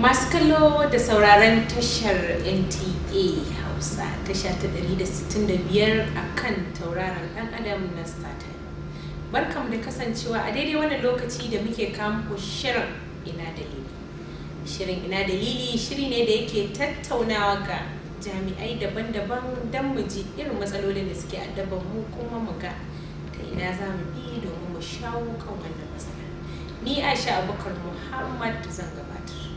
masu kallo da sauraron tashar nta hausa tasha ta 165 a kan tauraron dan adam na startup barkam da kasancewa a daidai wannan lokaci da muke kawo shirin ina dalili shirin ina dalili shiri ne da yake tattaunawa ga jami'ai daban-daban don mu irin matsalolin da suke addaban mu kuma mu ga ta ina za mu bi domin mu shawo kan wannan matsala ni aisha abubakar muhammad zan gabatar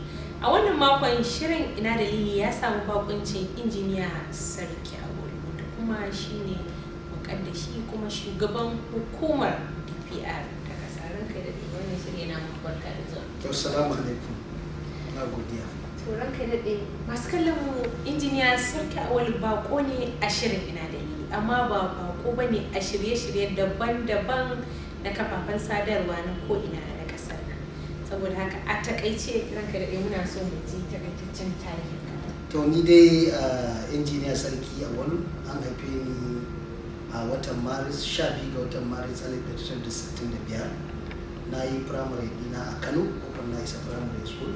a wannan makon shirin ina dalili ya samu bakuncin injiniya sarki a da kuma shine mukaddashi kuma shugaban hukumar dpr ta kasarin kai da wannan shirin yana barka da zuwa to salamu alaikum na godiya to ranka ɗaya. masu kallon mu injiniya sarki awal bako ne a shirin ina dalili amma ba bako bane a shirye-shirye daban-daban na kafafen sadarwa na ko ina saboda haka a takaice ranka da muna so mu ji takaitaccen tarihi to ni dai ah, injiniya sarki a wani an haife ni a watan maris biyu ga watan maris biyar na yi primary dina a kano kofar na isa primary school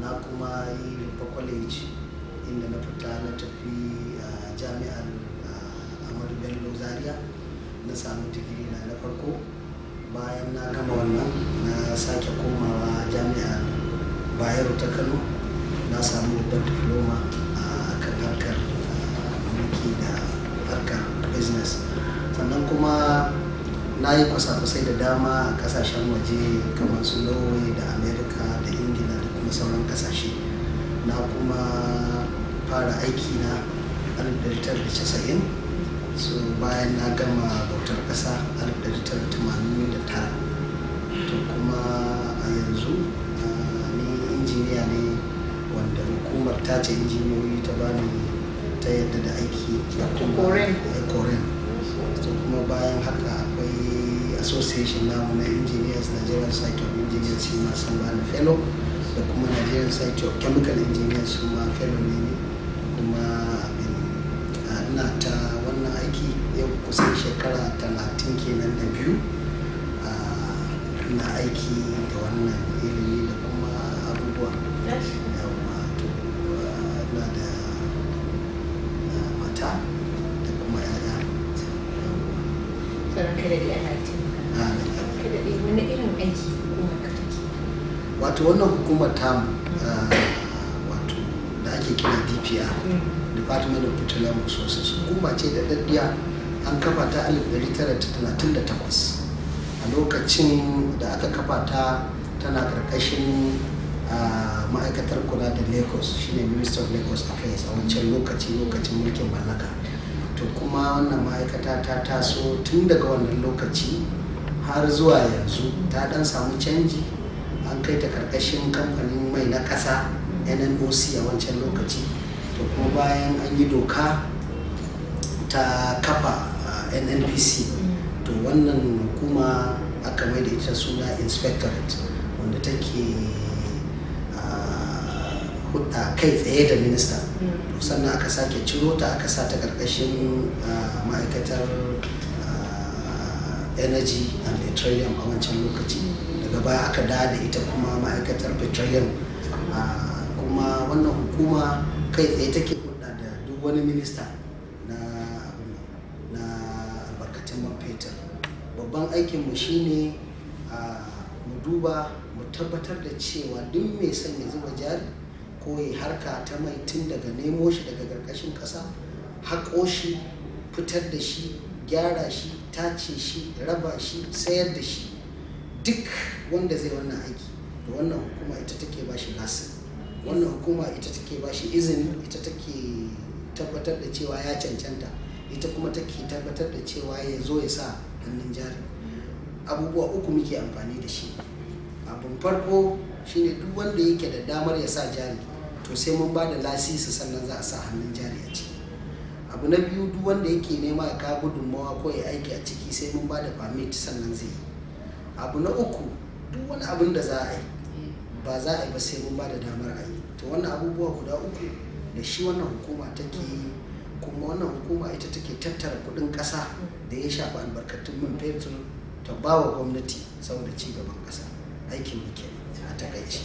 na kuma yi rumfa college inda na fita na tafi ah, jami'ar amadu ah, bello zaria na samu digiri na na farko bayan na gama wannan na sake komawa jami'a bayero ta kano na samu babban diploma a kan harkar mulki da harkar business sannan kuma na yi kwasa-kwasai da dama a kasashen waje kamar su norway da america da ingila da kuma sauran kasashe na kuma fara aiki na 1990 so bayan na gama bautar kasa da 1989 to kuma a yanzu ni injiniya ne wanda hukumar ta ce injiniyoyi ta bani ta yadda da aiki koren to eh, kuma bayan haka akwai association namu na engineers nigerian site of engineers shi ma sun bani fellow da kuma nigerian site of chemical engineers su ma fellow ne na aiki da wannan ilimi da kuma abubuwa yamma to na da eh, mata da kuma yaya tsaron kada da yana da wato wannan hukumar tamu eh, wato da ake kira DPR mm. Department of Petroleum Resources hukuma ce da daddiya an kafa ta 1938 lokacin da aka kafa ta tana karkashin ma'aikatar kula da lagos shine minister of lagos affairs a wancan lokaci lokacin mulkin mallaka to kuma wannan ma'aikata ta taso tun daga wannan lokaci har zuwa yanzu ta dan samu canji an kai ta karkashin kamfanin mai na ƙasa nnoc a wancan lokaci to kuma bayan an yi doka ta kafa nnpc to wannan hukuma aka mai da ita suna inspectorate wanda take ah, a kai tsaye da minista mm. sannan aka sake ciro ta aka sa ta karkashin ah, ma'aikatar ah, energy and petroleum a wancan lokaci daga baya aka da da ita kuma ma'aikatar petroleum kuma wannan hukuma kai tsaye take hudda da duk wani minista babban aikinmu shine mu duba mu tabbatar da cewa duk mai son ya zuba jari ko ya harka ta mai tun daga nemo shi daga ƙarƙashin ƙasa haƙo shi fitar da shi gyara shi tace shi raba shi sayar da shi duk wanda zai wannan aiki da wannan hukuma ita take ba shi lasin wannan hukuma ita take ba shi izini ita take tabbatar da cewa ya cancanta ita kuma take tabbatar da cewa ya zo ya sa hannun jari abubuwa uku muke amfani da shi abun farko shine duk wanda yake da damar ya sa jari to sai mun ba da lasisi sannan za a sa hannun jari a ciki abu na biyu duk wanda yake nema ya kawo gudunmawa ko ya aiki a ciki sai mun ba da permit sannan zai yi abu na uku duk wani abin da za a yi ba za a yi ba sai mun ba da damar a yi to wannan abubuwa guda uku da shi wannan hukuma take yi kuma wannan hukuma ita take tattara kudin ƙasa da ya shafi albarkatun man fetur ta ba wa gwamnati saboda ci gaban ƙasa aikin muke a takaici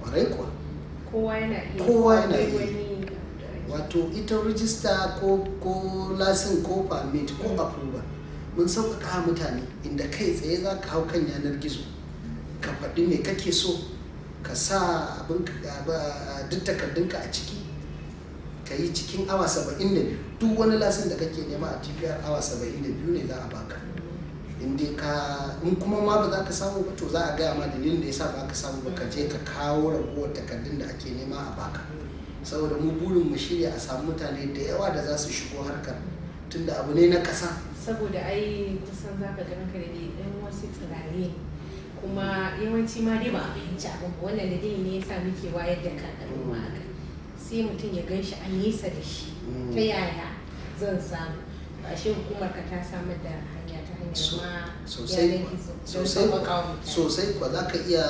kwarai kuwa kowa yana iya wato ita rijista ko lasin ko permit ko mm. approval mun sauƙaƙa mutane inda kai tsaye za ka hau kan yanar gizo ka faɗi me kake so ka sa abin duk takardunka a ciki ka yi cikin awa saba'in da duk wani lasin da kake nema a tpr awa saba'in da biyu ne za a baka inda ka in kuma ma ba za ka samu ba to za a gaya ma dalilin da sa ba ka samu ba ka je ka kawo ragowar takardun da ake nema a baka saboda mu burin mu shirya a samu mutane da yawa da za su shigo harkar tunda abu ne na kasa. saboda ai kusan za ka ga ɗan wasu tsirare kuma yawanci ma dai ba a fahimci abin ba wannan da dai ne ya sa muke wayar da kan al'umma haka sai mutum ya gan shi a nesa da shi mm. ta yaya zan samu shi hukumar ka ta samar da hanya ta hanyar ma sosai sosai kwa za ka iya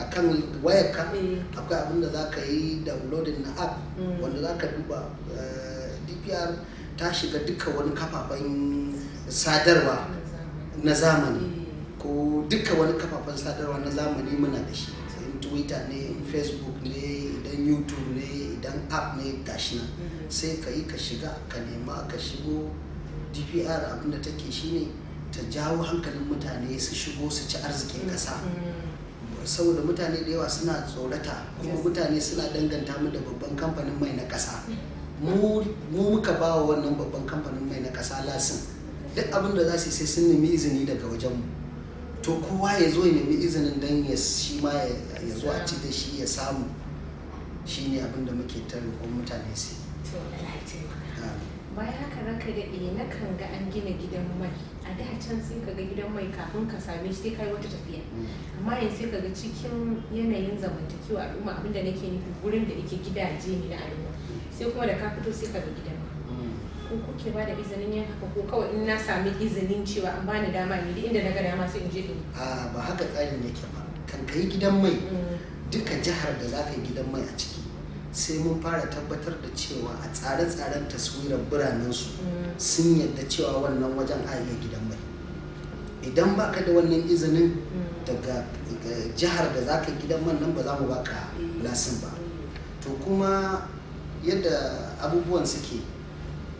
a kan wayar ka eh. akwai abin da za ka yi downloading na app mm. wanda za ka duba eh, dpr ta shiga duka wani kafafen sadarwa na zamani eh. ko duka wani kafafen sadarwa na zamani muna da shi in twitter ne in facebook ne idan youtube ne idan app ne gashi nan mm-hmm. sai ka yi ka shiga ka nema ka shigo dpr abinda take shine ta jawo hankalin mutane su shigo su ci arzikin kasa mm-hmm. saboda mutane da yawa suna tsorata kuma mutane suna danganta mu da babban kamfanin mai na kasa mm-hmm. mu muka ba wa wannan babban kamfanin mai na kasa lasin duk abin da za su yi sai sun nemi izini daga mu. to kowa ya zo ya nemi izinin don ya shi ma ya zo a ci da shi ya samu shi ne abin da muke ta roƙon mutane su bayan haka ranka daɗe na kan ga an gina gidan mai a da can sai ka ga gidan mai kafin ka same shi sai kai wata tafiya mm. amma yanzu sai ka ga cikin yanayin zamantakewa al'umma abinda nake nufi gurin da yake gidaje ne na al'umma mm. sai kuma da ka fito sai ka ga gidan ko kuke ba da izinin yin haka ko kawai in na sami izinin cewa an bani dama ne duk inda na ga dama sai in a ba haka tsarin yake ba kan kai gidan mai mm. duka jihar da za ka yi gidan mai a ciki sai mun fara tabbatar da cewa a tsare-tsaren taswirar biranensu mm. sun yadda cewa wannan wajen a iya gidan mai idan ba ka da wannan izinin mm. daga jihar da za ka gidan man nan ba za mu ka lasin ba to kuma yadda abubuwan suke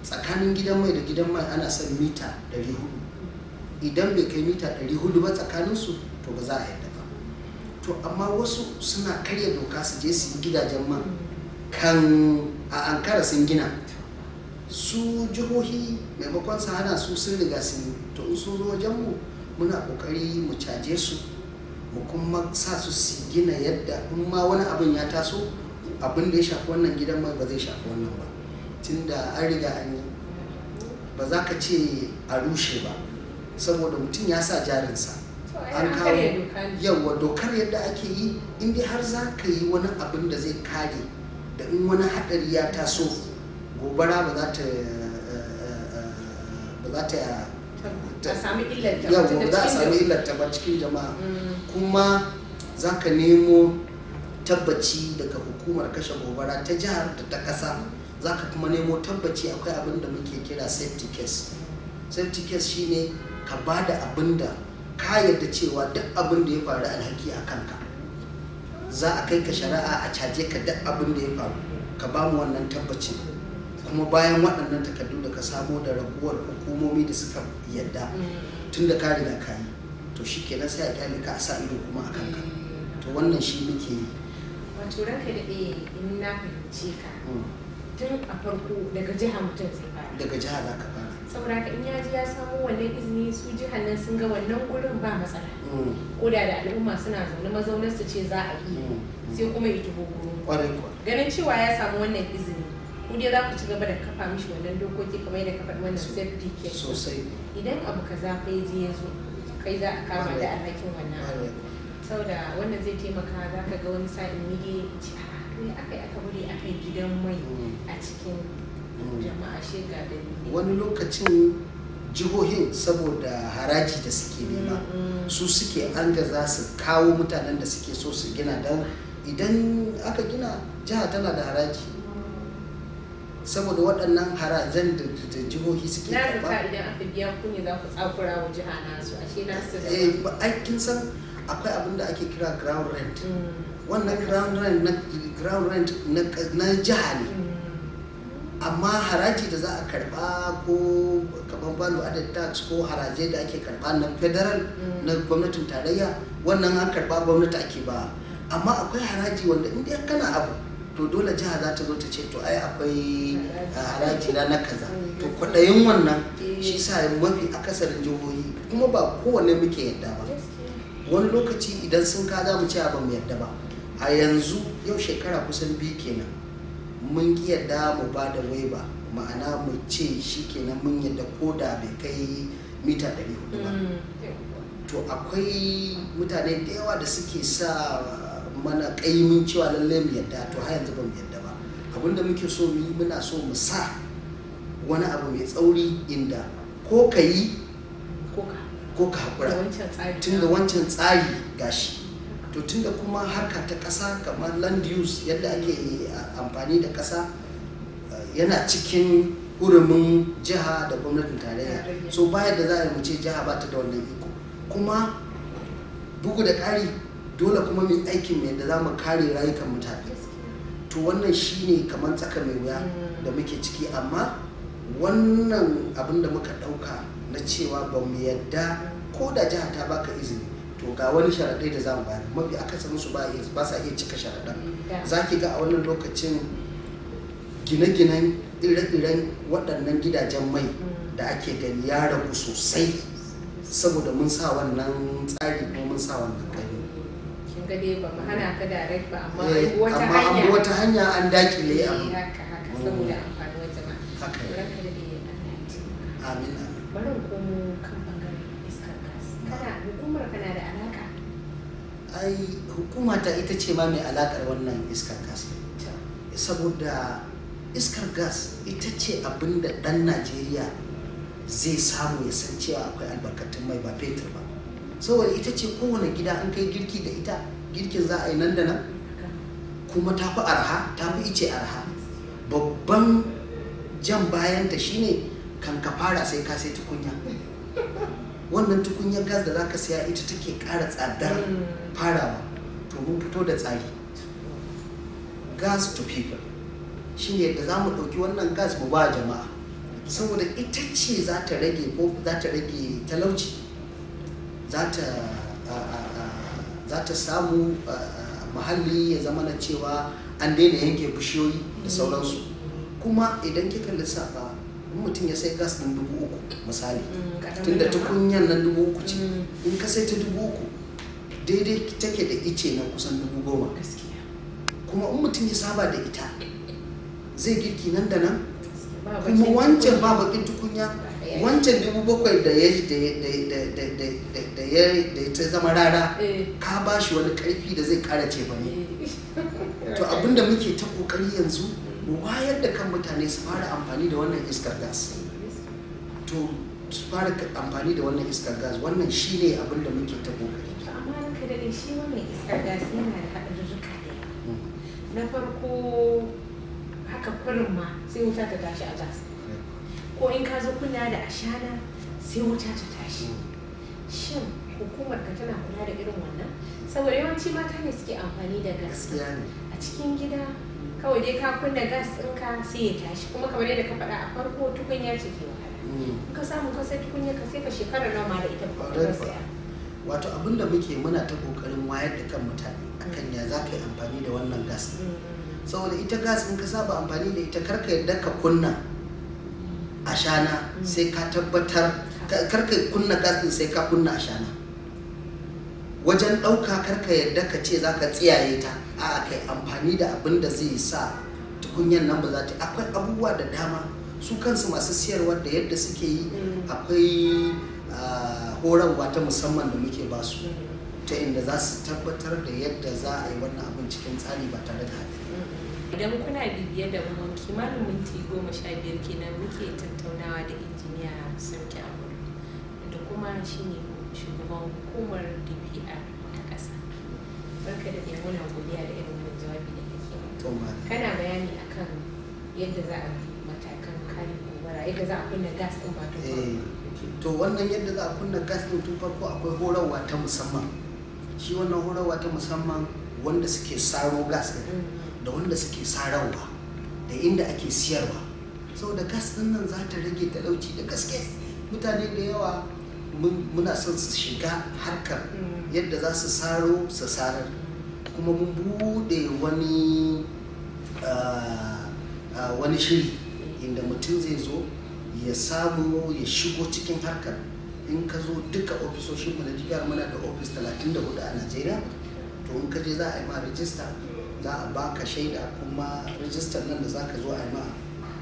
tsakanin gidan mai da gidan mai ana son mita 400 idan bai kai mita 400 ba tsakaninsu to ba za a yadda ba to amma wasu suna karya doka su je su yi gidajen man kan a ankara sun gina su jihohi maimakon su hana su sun riga sun to in sun zo wajen mu muna kokari mu caje su mu kuma sa su su gina yadda in ma wani abin ya taso abin da ya shafi wannan gidan mai ba zai shafi wannan ba tunda an riga an yi ba za ka ce a rushe ba saboda mutum ya sa jarinsa an kawo yawa dokar yadda ake yi inda har za ka yi wani abin da zai kare da in wani haɗari ya taso gobara ba za ta eh, eh, eh, ba za ta sami illata ba cikin jama'a mm. kuma za ka nemo tabbaci daga hukumar kashe gobara ta jihar da ta ƙasa za ka kuma nemo tabbaci akwai abin da muke kira safety case safety case shine ka ba da abin da ka yarda cewa duk abin da ya faru alhaki a kanka za a kai ka shari'a a caje ka duk abin da ya faru ka ba mu wannan tabbacin kuma bayan waɗannan takardu da ka samo da raguwar hukumomi da suka yarda tun da ka riga ka yi to shi kenan sai a kyale ka a sa ido kuma a kanka to wannan shi muke yi wato ranka da in na fahimci ka hmm. tun a farko daga jiha mutum zai fara daga jiha za ka fara saboda haka in ya ji ya samu wannan izini su jihar nan sun ga wannan gurin ba matsala mm. ko da da al'umma suna zaune mazaunar su ce za a yi mm. sai kuma ya taho gurin ganin cewa ya samu wannan izini ku dai za ku ci gaba da kafa mishi wannan dokoki kamar yadda ka wannan safety ke sosai idan abu ka za ka yi ya kai za a kama da alhakin wannan abu saboda wannan zai taimaka za ka ga wani sa'in mige ci me aka yi aka bari aka yi gidan mai a cikin jama'a shega da wani lokacin jihohin saboda haraji da suke nema hmm, hmm. su suke an za su kawo mutanen da suke so su gina don idan aka gina jiha tana da haraji saboda waɗannan harajen da jihohi suke karɓa na idan aka biya kunya za ku tsakura wa jiha nasu ashe su da eh, ba aikin san akwai abin da ake kira ground rent mm. wannan ground rent na ground rent na jiha ne mm. amma haraji da za a karba ko kamar da added tax ko haraje da ake karba na federal mm. na gwamnatin tarayya wannan an karba gwamnati ake ba amma akwai haraji wanda inda kana abu to dole jiha za ta zo ta ce to ai akwai ah, haraji na kaza to kwaɗayin wannan eh. shi sa mafi akasarin jihohi kuma ba kowane muke yadda ba wani lokaci idan sun ka za mu ce ba mu yadda ba a yanzu yau shekara kusan biyu kenan mun ki yadda mu ba da waiba ma'ana mu ce shi kenan mun yadda ko da bai kai mita 400 ba mm. to akwai mutane da yawa da suke sa mana kaimin cewa lallai mu yadda to har yanzu ba mu yadda ba abinda muke so mu yi muna so mu sa wani abu mai tsauri inda ko ka yi ko ka haƙura tun da wancan tsari gashi to tun da kuma harka ta ƙasa kamar land use yadda ake eh, amfani da ƙasa eh, yana cikin hurumin jiha da gwamnatin tarayya so baya da za a mu ce jiha ba ta da wannan iko kuma bugu da ƙari dole kuma mai aikin mai da za mu kare rayukan mutane to wannan shine kamar tsaka mai wuya mm. da muke ciki amma wannan abin da muka ɗauka na cewa ba mu yadda ko da jiha ta baka izini to ga wani sharaɗai da za mu bayar mafi akasarin su ba sa iya cika sharaɗan mm, za ki ga a wannan lokacin gine-ginen ire-iren waɗannan gidajen mai mm. da ake gani ya ragu sosai saboda mun sa wannan tsari ko mun sa wannan gani amma eh, wata hanya an dakile eh, mm. amin bari komo kan bangare iskar gas kana hukumar kana da alaka ai hukuma ta ita ce ma mai alakar wannan iskar gas saboda iskar gas ita ce abin da ɗan najeriya zai samu ya san cewa akwai albarkatun mai ba fetur ba saboda ita ce kowane gida an kai girki da ita girkin za a yi nan da nan kuma ta fi arha ta fi ice arha babban jan bayanta shine kan ka fara sai ka sai tukunya wannan tukunyar gas da zaka saya ita take ƙara tsadar farawa to mun fito da tsari gas to people ne yadda za mu ɗauki wannan gas mu ba jama'a saboda ita ce za ta rage ko za ta rage talauci zata za ta samu muhalli ya zama na cewa an daina yanke bishiyoyi da sauransu kuma idan kika lissafa mutum ya sai gas din dubu uku misali mm, tunda tukunyan nan dubu uku ce mm. in ka sai ta dubu uku daidai take da ice na kusan dubu goma kuma in mutum ya saba da ita zai girki nan da nan kuma wancan ba bakin tukunya wancan dubu bakwai da ya da ya ta zama rara eh. ka ba shi wani karfi da zai kara ce ba ne eh. to abinda muke ta kokari yanzu wayar da kan mutane su fara amfani da wannan iskar gas to su fara amfani da wannan iskar gas wannan shi ne abin da muke ta kokari amma ranka da shi wannan iskar gas yana da haɗarurruka da hmm. na farko haka kurin ma sai wuta ta tashi a gas ko in ka zo kunna da ashana sai wuta ta tashi hmm. shin hukumar ka tana kula da irin wannan saboda yawanci mata ne suke amfani da gas a cikin gida kawai dai ka kunna gas ka sai ya tashi kuma kamar yadda ka faɗa a farko tukunya ce ke wahala hmm. in ka samu ka sai tukunya ka sai ka shekara nawa ma da ita ba wato abin da muke muna ta kokarin wayar da kan mutane akan ya za ka yi amfani da wannan gas hmm. saboda ita gas in ka saba amfani da ita karka yadda ka kunna a shana hmm. sai ka tabbatar karka kunna gas din sai ka kunna a shana. wajen ɗauka karka yadda ka ce za ka tsiyaye ta a kai amfani da abin da zai sa tukunyan nan ba za ta akwai abubuwa da dama su kansu masu siyarwa da yadda suke yi mm. akwai ah, horarwa ta musamman da muke ba su mm. ta inda za su tabbatar da yadda za a yi wannan abin cikin tsari ba tare da haɗari mm. idan kuna bibiye da mun kimanin minti goma sha biyar kenan muke tattaunawa da injiniya sarki amur da kuma shine shugaban hukumar dpi Ka da godiya da irin wannan jawabi da kake kana bayani akan yadda za a matakan kare gobara yadda za a kunna gas din ba eh, to wannan yadda za a kunna gas din tun farko akwai horarwa ta musamman shi wannan horarwa ta musamman wanda suke saro gas din mm. da wanda suke sararwa da inda ake siyarwa saboda gas din nan za ta rage talauci da gaske mutane da yawa muna son su shiga harkar mm. yadda za su saro su sarar kuma mun bude wani ah, ah, wani shiri inda mutum zai zo ya samu ya shigo cikin harkar in ka zo duka ofisoshin mu na mana muna da ofis 34 a najeriya to in ka je za a yi ma rijista za a baka shaida kuma rijistar nan da za ka zo a yi ma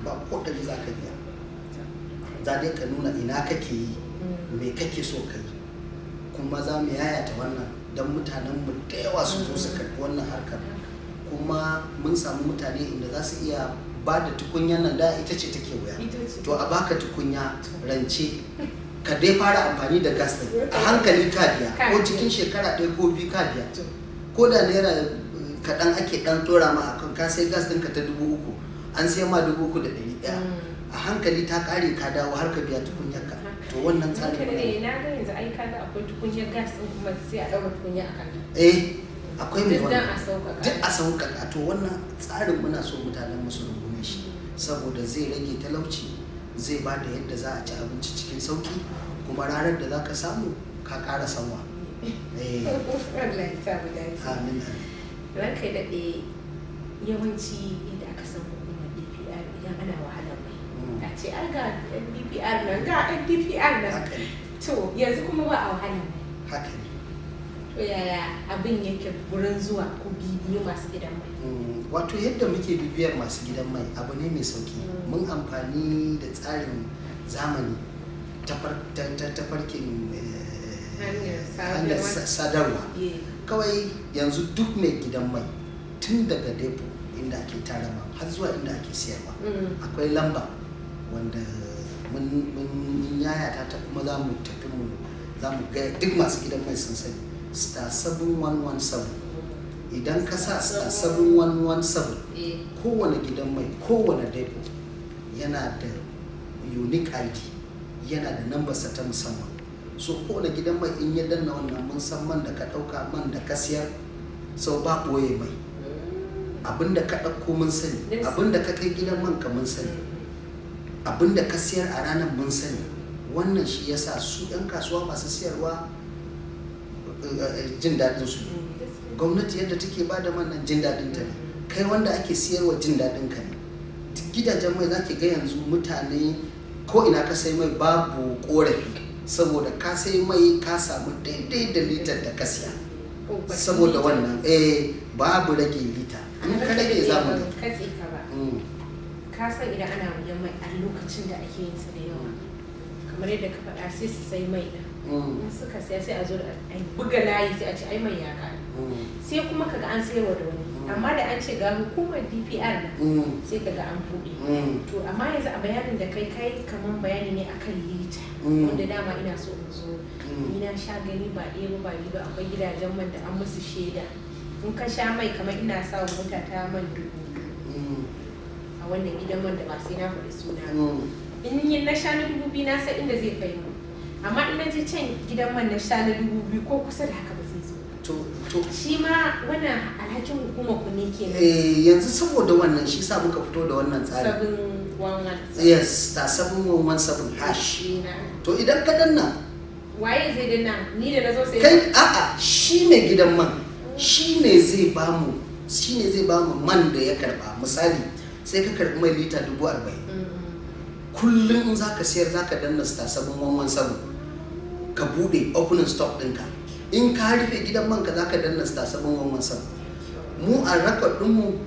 ba kodari za ka biya za dai ka nuna ina kake yi me kake so ka yi kuma za mu ta wannan don mutanenmu da yawa su zo su karɓi wannan harkar kuma mun samu mutane inda za su iya ba da tukunya nan da ita ce take wuya to a baka tukunya rance ka dai fara amfani da gas ɗin a hankali ka biya ko cikin shekara ɗaya ko biyu ka biya ko da naira eh, kaɗan ake ɗan tora ma akan ka sai gas ɗinka ta dubu uku an sai ma dubu uku da ɗari ɗaya mm. a hankali ta ƙare ka dawo har ka biya tukunyar to wannan tsarin ne na ga yanzu ai kaga akwai tukunya gas din kuma sai a daura tukunya a kan eh akwai mai wannan duk a sauka sauƙaƙa to wannan tsarin muna so mutanen mu su rungume shi saboda zai rage talauci zai ba da yadda za a ci abinci cikin sauki kuma ranar da za ka samu ka ƙara sanwa eh. amin ranka daɗe yawanci inda aka san hukumar dpr idan ana ce ai ga NDPR nan ga NDPR nan to yanzu kuma ba a wahala haka ne to yaya abin yake gurin zuwa ko bibiyo masu gidan mai mm, wato yadda muke bibiyar masu gidan mai abu ne mai sauki mm. mun amfani da tsarin zamani ta farkin eh, hanyar sadarwa kawai yanzu duk mai gidan mai tun daga depo inda ake tarama har zuwa inda ake siyarwa mm. akwai lamba wanda mun yayata ta kuma za mu tafi mu za mu gaya duk masu gidan mai sun sani star 7117 idan ka sa star 7117 eh. kowane gidan mai kowane depo yana da unique id yana da nambarsa ta musamman so kowane gidan mai in ya danna wannan mun san man da ka ɗauka man da ka siyar sau ba koye mai hmm. abinda ka ɗauko mun sani abinda ka kai gidan man ka mun sani hmm. abinda ka siyar a ranar mun sani wannan shi ya sa su 'yan kasuwa masu siyarwa eh, eh, jin daɗin su gwamnati yadda take ba da wannan jin daɗin ta ne kai wanda ake siyarwa jin daɗin ka ne gidajen mai zaki ga yanzu mutane ko ina ka sai mai babu korafi saboda ka sai mai ka samu daidai da litar da ka siya saboda wannan eh, babu rage lita in ka rage za mu ka san idan ana wuyan mai a lokacin da ake yin su da yawa kamar yadda ka faɗa sai su sai mai da mm. suka sai sai a zo da buga layi sai a ce ai mai ya ka. Mm. sai kuma kaga an sayarwa da wani mm. amma da an ce ga hukumar dpr na sai kaga an buɗe to amma yanzu a bayanin da kai kai kamar bayani ne akan lita wanda dama ina so in zo ni na sha gani ba ɗaya ba ba akwai gidajen man da an musu shaida in ka sha mai kamar ina sa mota ta man dubu a wannan gidan man da ba sai na faɗi suna mm. in yi na sha na dubu biyu na san inda zai kai mu amma in na je can gidan man na sha na dubu biyu ko kusa da haka ba zai zo To shi ma wannan alhakin hukuma ku ne ke eh yanzu saboda wannan shi sa muka fito da wannan tsari yes ta sabon wannan sabon hash to idan ka danna waye zai danna ni da na zo sai kai a'a shi ne gidan man shi ne zai bamu shi ne zai bamu man da ya karba misali sai ka karbi mai lita dubu arba'in kullum in za ka sayar za ka danna star sabon wanwan sabon ka bude opening stock ɗinka in ka rufe gidan man ka za ka danna star sabon wanwan sabon mu a rakod ɗinmu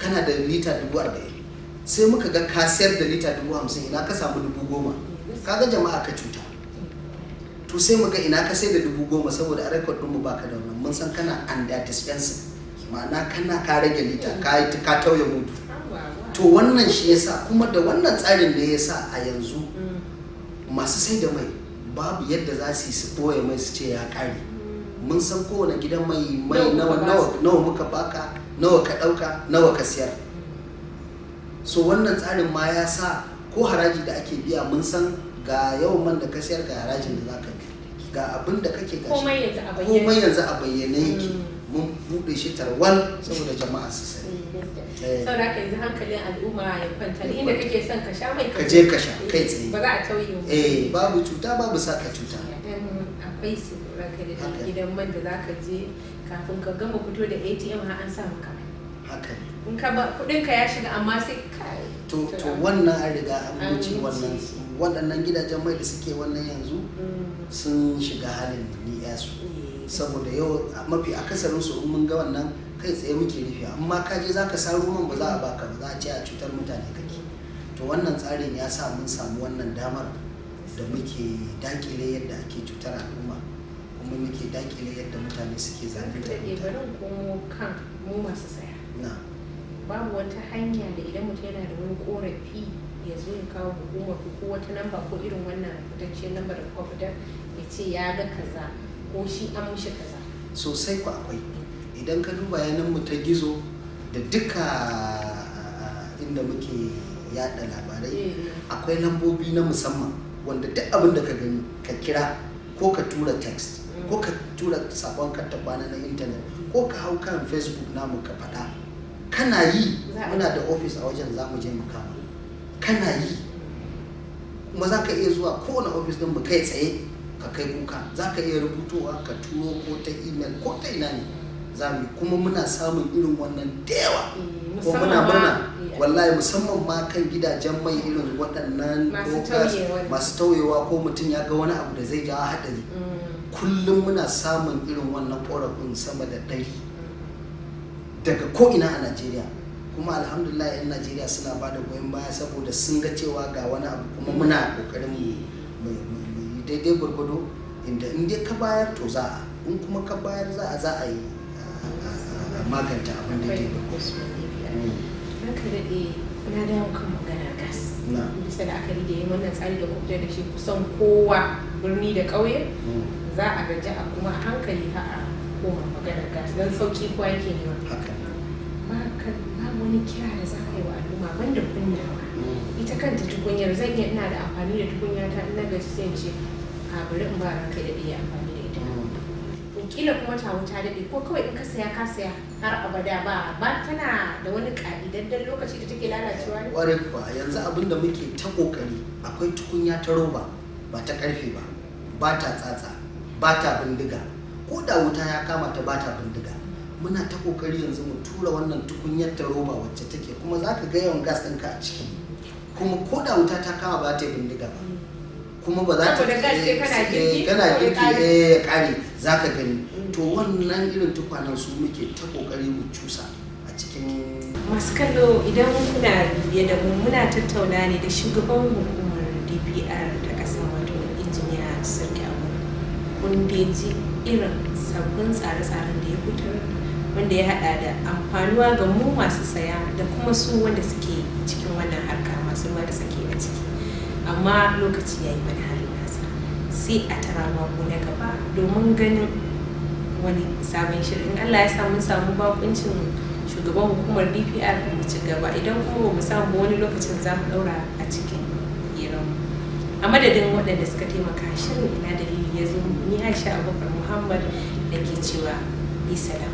kana da lita dubu arba'in sai muka ga ka sayar da lita dubu hamsin ina ka samu dubu goma ka ga jama'a ka cuta to sai muka ina ka sai da dubu goma saboda a rekod ɗinmu ba ka da wannan mun san kana under dispensing ma'ana kana ka rage lita ka tauye mutu to wannan shi yasa kuma da wannan tsarin da ya sa a yanzu mm. masu sai da mai babu yadda za su yi su boye mai su ce ya kare mun san kowane gidan mai mai nawa nawa muka baka nawa ka dauka nawa ka siyar so wannan tsarin ma ya sa ko haraji da ake biya mun san ga yawan man da ka siyar ga harajin da za ka ga abin da kake gashi komai yanzu a bayyane yake mm. mun buɗe shi tarwal saboda jama'a su sani mm, eh. saboda ka yanzu hankalin al'umma ya kwanta inda kake son ka sha mai ka je ka sha eh, kai tsaye ba za a tauye eh babu cuta babu ka cuta akwai su ranka da gidan man da ka je kafin ka gama fito da ATM har an sa maka haka in ka ba kudin ka ya shiga amma sai ka to to wannan an riga an wuce wannan waɗannan gidajen mai da suke wannan yanzu mm. sun shiga halin ni su eh. saboda yau mafi akasarin su mun ga wannan kai tsaye muke rufe amma ka je zaka saro ruwan ba za a baka ba za a ce a cutar mutane kake to wannan tsarin ya sa mun samu wannan damar da muke dakile yadda ake cutar al'umma kuma muke dakile yadda mutane suke da mutane. Bari komo kan mu masu saya. Na. Babu wata hanya da idan mutum yana da wani korafi ya zo ya kawo hukumar ko wata namba ko irin wannan fitacciyar namba da kuka ya ce ya ga kaza. ko shi an mishi kaza sosai ku akwai idan ka duba yanan mu ta gizo da duka ah, inda muke yada labarai eh, eh. akwai lambobi na musamman wanda duk abin da ka gani ka kira ko ka tura text mm. ko ka tura sabon na intanet ko ka hau kan facebook namu ka faɗa kana yi muna da ofis a wajen zamu je mu kama kana yi kuma za ka iya zuwa kowane ofis din mu kai tsaye ka kai kuka za ka iya rubutowa ka turo ko ta email ko ta ina ne za mu kuma muna samun irin wannan da yawa mm, ko muna murna wallahi musamman ma kan gidajen mai irin waɗannan masu tauyewa ko mutum ya ga wani abu da zai ja haɗari mm. kullum muna samun irin wannan ƙorafin sama da ɗari mm. daga ko'ina a najeriya kuma alhamdulillah 'yan najeriya suna ba da goyon baya saboda sun ga cewa ga wani abu kuma muna ƙoƙarin mu daidai gwargwado inda in dai ka bayar to za a in kuma ka bayar za a za a yi maganta abin da ke Ranka daɗe na dawo kan maganar gas. Bisa da aka da yin wannan tsari da kuma da shi kusan kowa birni da ƙauye hmm. za a gaji a kuma hankali har a koma maganar gas don sauƙi kowa yake nema. Ba wani kira da za ka yi wa al'umma banda kunyawa. ita kanta tukunyar zan yi ina da amfani da tukunya ta na gaji sai ce a bari in ba ran kai da iya amfani da ita mm. kila kuma ta wuta da ko kawai in ka saya ka saya har abada ba ba tana da wani ƙa'idaddan lokaci da take lalacewa ne ƙwarai kuwa yanzu abin da muke ta kokari akwai tukunya ta roba ba ta karfe ba ba ta tsatsa ba ta bindiga ko da wuta ya kama ta ba ta bindiga muna ta kokari yanzu mu tura wannan tukunyar ta roba wacce take kuma za ka ga yawan gas ɗinka a ciki kuma koda da wuta ta kama ba ta bindiga ba kuma ba za ta kana girki eh kare za ka gani mm. to wannan irin tukwanen su muke ta kokari mu cusa a cikin masu kallo idan kuna biye da mu muna tattauna ne da shugaban hukumar dpr ta kasa wato injiniya sarki abu kun ji irin sabbin tsare-tsaren da ya fitar wanda ya hada da amfanuwa ga mu masu saya da kuma su wanda suke masu ma da sake a ciki amma lokaci ya yi mana halin nasa sai a tara mako na gaba domin ganin wani sabon shirin Allah ya samu samu bakuncin shugaban hukumar DPR mu ci gaba idan kuma mu samu wani lokacin za mu daura a cikin hiran a madadin waɗanda suka taimaka shirin ina dalili ya zo ni Aisha Abubakar Muhammad da ke cewa yi salama